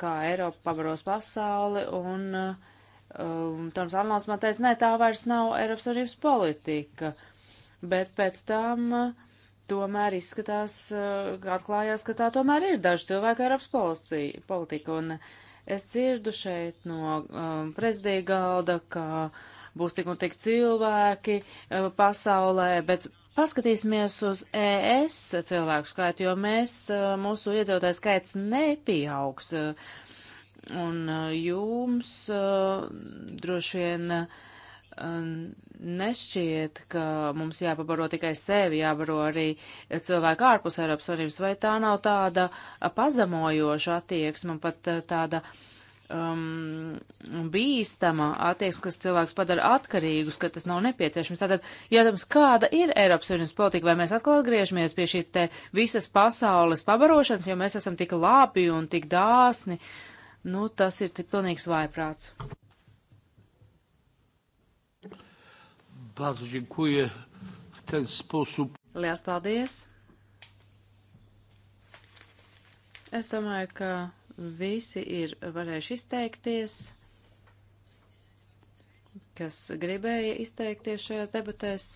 kā Eiropa pavaros pasauli, un um, Toms Arnolds man teica, nē, tā vairs nav Eiropas Savienības politika. Bet pēc tam uh, tomēr izskatās, uh, atklājās, ka tā tomēr ir daži cilvēki Eiropas policija, politika. Un, uh, Es dzirdu šeit no um, prezidija galda, ka būs tik un tik cilvēki uh, pasaulē, bet paskatīsimies uz ES cilvēku skaitu, jo mēs, uh, mūsu iedzīvotāju skaits nepieaugs. Uh, un uh, jums uh, droši vien. Uh, nešķiet, ka mums jāpabaro tikai sevi, jābaro arī cilvēku ārpus Eiropas Savienības, vai tā nav tāda pazemojoša attieksme, pat eh, tāda um, bīstama attieksme, kas cilvēks padara atkarīgus, ka tas nav nepieciešams. Tātad, jautājums, kāda ir Eiropas Savienības politika, vai mēs atkal atgriežamies pie šīs te visas pasaules pabarošanas, jo mēs esam tik labi un tik dāsni, nu tas ir tik pilnīgs vaiprāts. Bardzo dziękuję. W ten sposób. Lielas paldies. Es domāju, ka visi ir varējuši izteikties, kas gribēja izteikties šajās debatēs.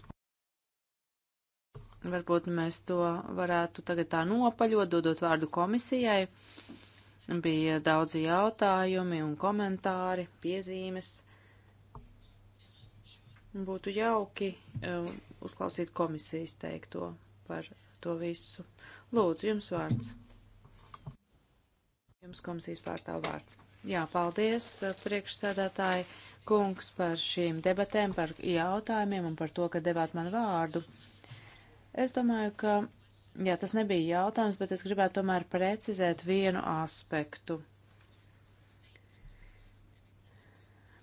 Varbūt mēs to varētu tagad tā nopaļot, dodot vārdu komisijai. Bija daudzi jautājumi un komentāri, piezīmes. Būtu jauki um, uzklausīt komisijas teikto par to visu. Lūdzu, jums vārds. Jums komisijas pārstāv vārds. Jā, paldies, e, priekšsēdētāji kungs, par šīm debatēm, par jautājumiem un par to, ka devāt man vārdu. Es domāju, ka, jā, tas nebija jautājums, bet es gribētu tomēr precizēt vienu aspektu.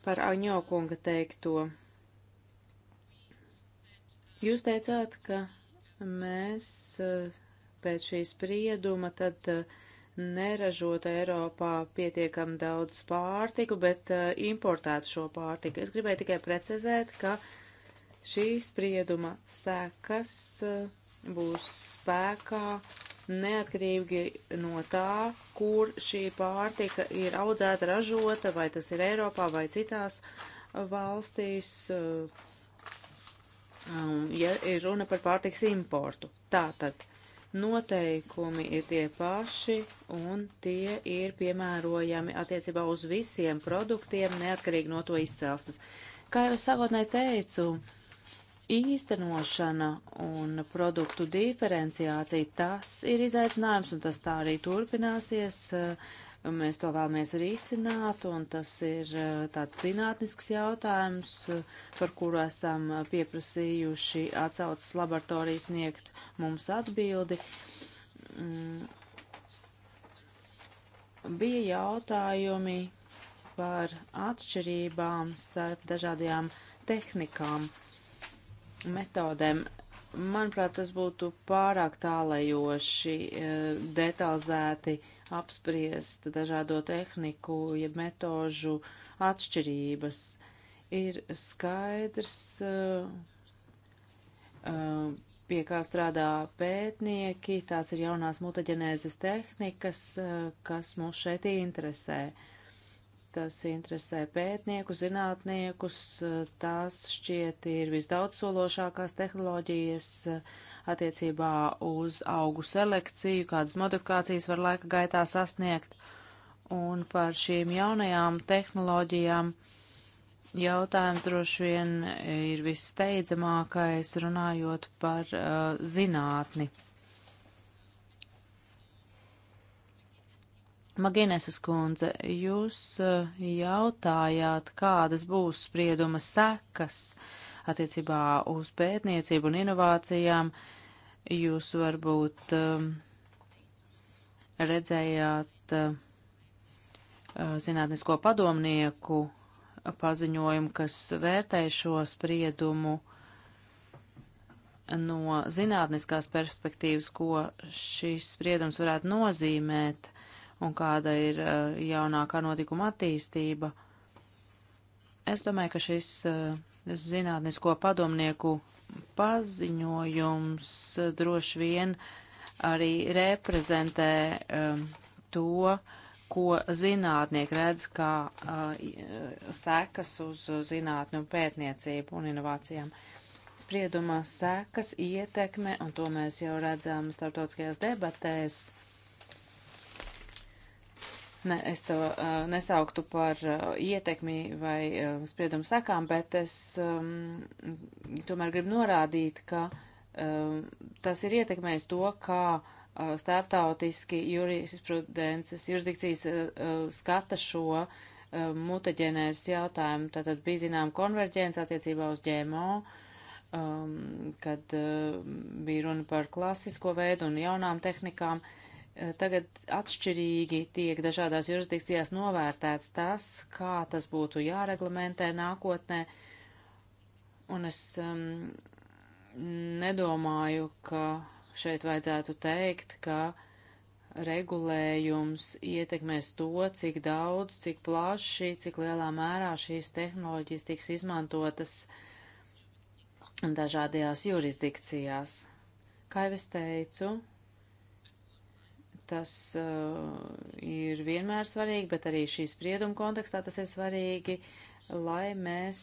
Par Aņokunga teikto Jūs teicāt, ka mēs eh, pēc šīs sprieduma tad eh, neražot Eiropā pietiekam daudz pārtiku, bet eh, importētu šo pārtiku. Es gribēju tikai precizēt, ka šī sprieduma sekas būs spēkā neatkarīgi no tā, kur šī pārtika ir audzēta, ražota, vai tas ir Eiropā vai citās valstīs. Uh, Um, ja ir runa par pārtiks importu. Tātad noteikumi ir tie paši un tie ir piemērojami attiecībā uz visiem produktiem, neatkarīgi no to izcelsmes. Kā jau sākotnēji teicu, īstenošana un produktu diferenciācija tas ir izaicinājums un tas tā arī turpināsies. Uh, Mēs to vēlamies risināt, un tas ir eh, tāds zinātnisks jautājums, par kuru esam pieprasījuši atsaucas laboratorijas sniegt mums atbildi. Mm. Bija jautājumi par atšķirībām starp dažādajām tehnikām, metodēm. Manuprāt, tas būtu pārāk tālajoši, eh, detalizēti apspriest dažādo tehniku, jeb ja metožu atšķirības. Ir skaidrs, eh, eh, pie kā strādā pētnieki, tās ir jaunās mutaģenēzes tehnikas, eh, kas mūs šeit interesē. Tas interesē pētnieku, zinātniekus, tās šķiet ir visdaudzsološākās tehnoloģijas, uh, attiecībā uz augu selekciju, kādas modifikācijas var laika gaitā sasniegt. Un par šīm jaunajām tehnoloģijām jautājums droši vien ir visteidzamākais runājot par uh, zinātni. Magīneses kundze, jūs uh, jautājāt, kādas būs sprieduma sekas attiecībā uz pētniecību un inovācijām uh, Jūs varbūt um, redzējāt uh, zinātnisko padomnieku paziņojumu, kas vērtē šo spriedumu no zinātniskās perspektīvas, ko šis spriedums varētu nozīmēt un kāda ir uh, jaunākā notikuma attīstība. Es domāju, ka šis uh, zinātnisko padomnieku paziņojums droši vien arī reprezentē um, to, ko zinātnieki redz kā uh, sekas uz zinātni un pētniecību un inovācijām. Spriedumā sekas ietekme, un to mēs jau redzam starptautiskajās debatēs, ne, es to uh, nesauktu par uh, ietekmi vai uh, spriedumu sakām, bet es um, tomēr gribu norādīt, ka um, tas ir ietekmējis to, kā uh, starptautiski jurisprudences jurisdikcijas uh, skata šo uh, mutaģenēs jautājumu. Tātad bija zinām konverģence attiecībā uz ģēmo. Um, kad uh, bija runa par klasisko veidu un jaunām tehnikām, uh, tagad atšķirīgi tiek dažādās jurisdikcijās novērtēts tas, kā tas būtu jāreglamentē nākotnē, un es um, nedomāju, ka šeit vajadzētu teikt, ka regulējums ietekmēs to, cik daudz, cik plaši, cik lielā mērā šīs tehnoloģijas tiks izmantotas dažādajās jurisdikcijās. Kā jau es teicu, tas uh, ir vienmēr svarīgi, bet arī šī sprieduma kontekstā tas ir svarīgi, lai mēs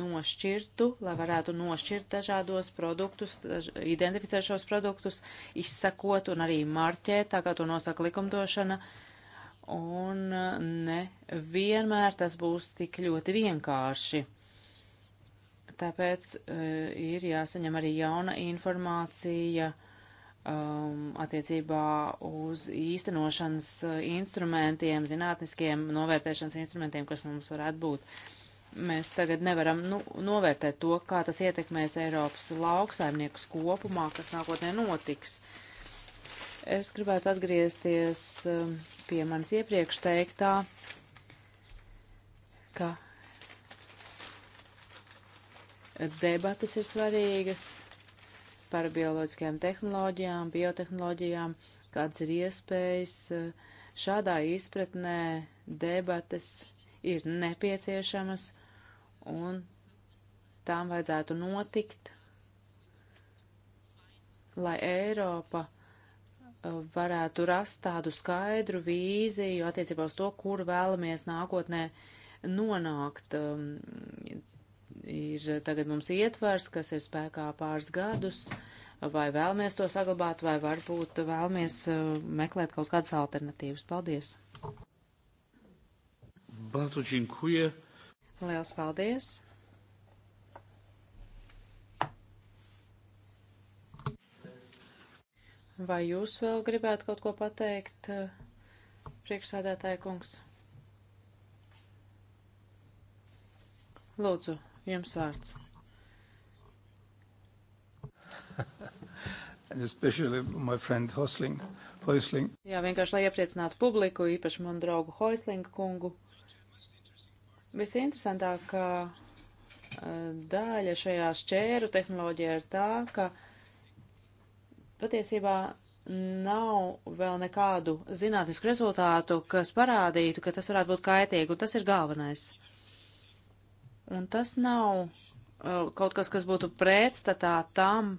nošķirtu, lai varētu nošķirt dažādos produktus, daž identificēt šos produktus, izsakot un arī marķēt, tā kā to nosaka likumdošana. Un uh, ne vienmēr tas būs tik ļoti vienkārši. Tāpēc uh, ir jāsaņem arī jauna informācija uh, um, attiecībā uz īstenošanas uh, instrumentiem, zinātniskiem novērtēšanas instrumentiem, kas mums varētu būt. Mēs tagad nevaram nu, novērtēt to, kā tas ietekmēs Eiropas lauksaimniekus kopumā, kas nākotnē notiks. Es gribētu atgriezties um, pie manis iepriekš teiktā, ka debatas ir svarīgas par bioloģiskajām tehnoloģijām, biotehnoloģijām, kādas ir iespējas. Šādā izpratnē debates ir nepieciešamas un tām vajadzētu notikt, lai Eiropa uh, varētu rast tādu skaidru vīziju attiecībā uz to, kur vēlamies nākotnē nonākt. Um, ir eh, tagad mums ietvers, kas ir spēkā pāris gadus, vai vēlamies to saglabāt, vai varbūt vēlamies eh, meklēt kaut kādas alternatīvas. Paldies! Bardzo dziękuję. Liels paldies! Vai jūs vēl gribētu kaut ko pateikt, eh, priekšsādātāja kungs? Lūdzu, jums vārds. Hosling, Hosling. Jā, vienkārši, lai iepriecinātu publiku, īpaši manu draugu Hoislinga kungu. Visinteresantākā daļa šajā šķēru tehnoloģijā ir tā, ka patiesībā nav vēl nekādu zinātnisku rezultātu, kas parādītu, ka tas varētu būt kaitīgi, un tas ir galvenais. Un tas nav uh, kaut kas, kas būtu pretstatā tam,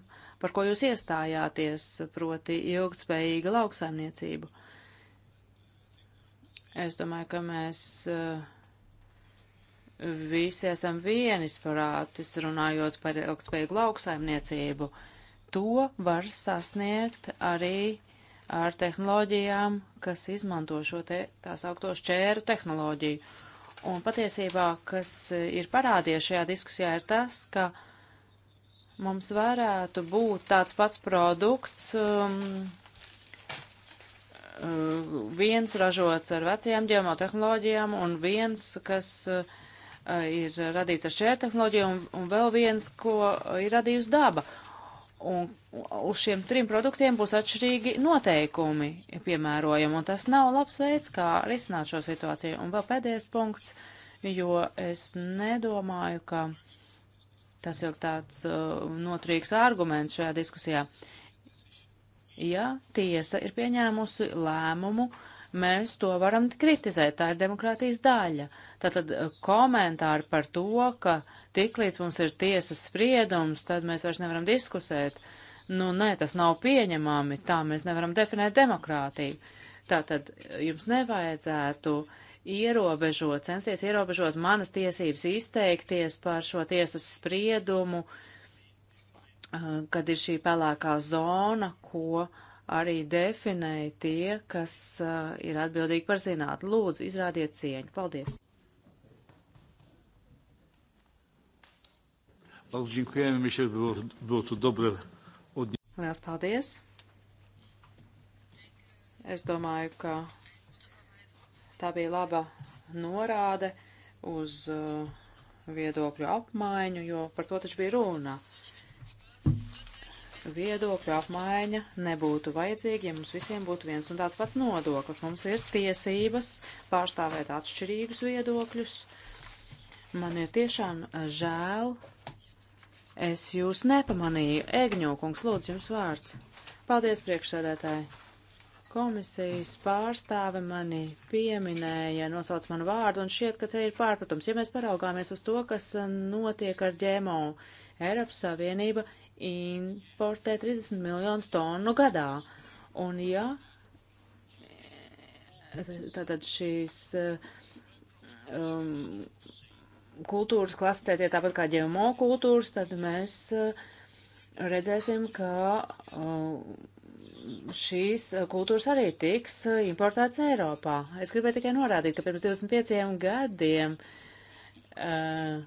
par ko jūs iestājāties, proti ilgtspējīga lauksaimniecību. Es domāju, ka mēs uh, visi esam vienisprātis runājot par ilgtspējīgu lauksaimniecību. To var sasniegt arī ar tehnoloģijām, kas izmanto šo te, tā saukto šķēru tehnoloģiju. Un patiesībā, kas ir parādījies šajā diskusijā, ir tas, ka mums varētu būt tāds pats produkts, um, uh, viens ražots ar vecajām ģeomotehnoloģijām un viens, kas uh, ir radīts ar šķērtehnoloģiju un, un vēl viens, ko ir radījusi daba un uz šiem trim produktiem būs atšķirīgi noteikumi piemērojami, un tas nav labs veids, kā risināt šo situāciju. Un vēl pēdējais punkts, jo es nedomāju, ka tas ir tāds uh, noturīgs arguments šajā diskusijā. Ja tiesa ir pieņēmusi lēmumu uh, mēs to varam kritizēt, tā ir demokrātijas daļa. Tātad eh, komentāri par to, ka tiklīdz mums ir tiesas spriedums, tad mēs vairs nevaram diskusēt. Nu, nē, tas nav pieņemami, tā mēs nevaram definēt demokrātiju. Tātad eh, jums nevajadzētu ierobežot, censties ierobežot manas tiesības izteikties par šo tiesas spriedumu, eh, kad ir šī pelēkā zona, ko uh, arī definēja tie, kas uh, ir atbildīgi par zinātni. Lūdzu, izrādiet cieņu. Paldies! Lielas paldies! Es domāju, ka tā bija laba norāde uz uh, viedokļu apmaiņu, jo par to taču bija runa. Uh, viedokļu apmaiņa nebūtu vajadzīga, ja mums visiem būtu viens un tāds pats nodoklis. Mums ir tiesības pārstāvēt atšķirīgus viedokļus. Man ir tiešām žēl. Es jūs nepamanīju. Egņokungs, lūdzu, jums vārds. Paldies, priekšsēdētāji. Komisijas pārstāve mani pieminēja, nosauc manu vārdu, un šķiet, ka te ir pārpratums. Ja mēs paraugāmies uz to, kas notiek ar ģēmo, Eiropas Savienība importē 30 miljonus tonu gadā. Un ja tātad šīs um, kultūras klasicētie tāpat kā GMO kultūras, tad mēs uh, redzēsim, ka um, šīs kultūras arī tiks uh, importētas Eiropā. Es gribēju tikai norādīt, ka pirms 25 gadiem uh,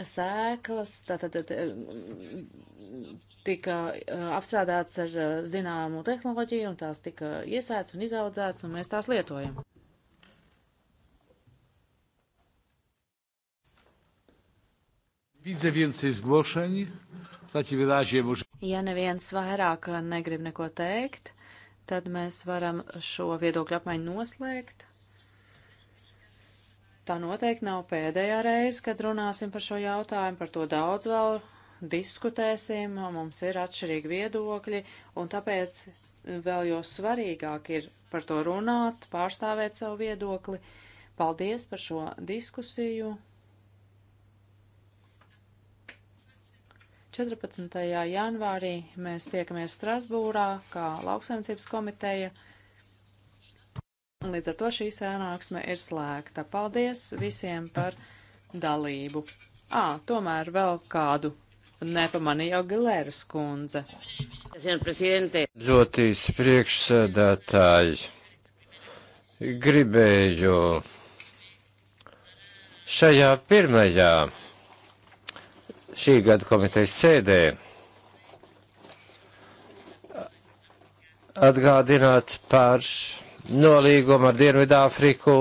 sēklas, tātad eh, tika eh, apstrādāts ar eh, zināmu tehnoloģiju un tās tika iesēts un izaudzēts un mēs tās lietojam. Widzę więcej zgłoszeń. W takim razie może... Ja neviens vairāk negrib neko teikt, tad mēs varam šo viedokļu apmaiņu noslēgt. Tā noteikti nav pēdējā reize, kad runāsim par šo jautājumu, par to daudz vēl diskutēsim, mums ir atšķirīgi viedokļi, un tāpēc vēl jo svarīgāk ir par to runāt, pārstāvēt savu viedokli. Paldies par šo diskusiju! 14. janvārī mēs tiekamies Strasbūrā kā lauksaimniecības komiteja. Līdz ar to šī sēnāksme ir slēgta. Paldies visiem par dalību. Ā, tomēr vēl kādu nepamanīja Gilēras kundze. Ļoti priekšsēdētāji. Gribēju šajā pirmajā šī gada komitejas sēdē atgādināt par nolīgumu ar Dienvidāfriku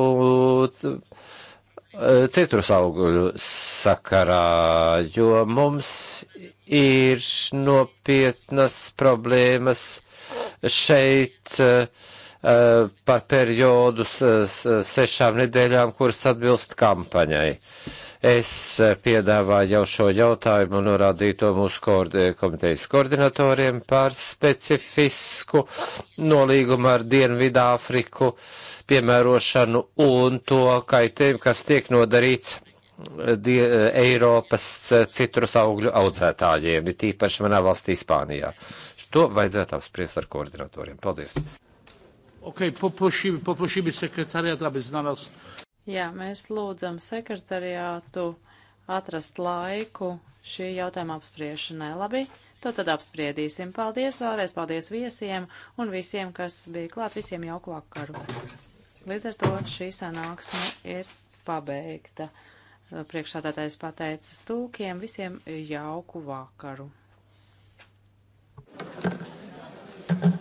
eh, citrus augļu sakarā, jo mums ir nopietnas problēmas šeit eh, par periodus sešām nedēļām, kuras atbilst kampaņai. Uh, Es piedāvāju jau šo jautājumu norādīto mūsu koordē, komitejas koordinatoriem par specifisku nolīgumu ar Dienvidāfriku piemērošanu un to kaitējumu, kas tiek nodarīts. Eh, Die, eh, Eiropas eh, citrus augļu audzētājiem, ir tīpaši manā valstī Spānijā. To vajadzētu apspriest ar koordinatoriem. Paldies! Okay, poprosimy, poprosimy sekretariat, aby znalazł Jā, mēs lūdzam sekretariātu atrast laiku šī jautājuma apspriešanai. Labi, to tad apspriedīsim. Paldies vēlreiz, paldies viesiem un visiem, kas bija klāt, visiem jauku vakaru. Līdz ar to šī sanāksme ir pabeigta. Priekšsādātājs pateica stūkiem visiem jauku vakaru. Thank you.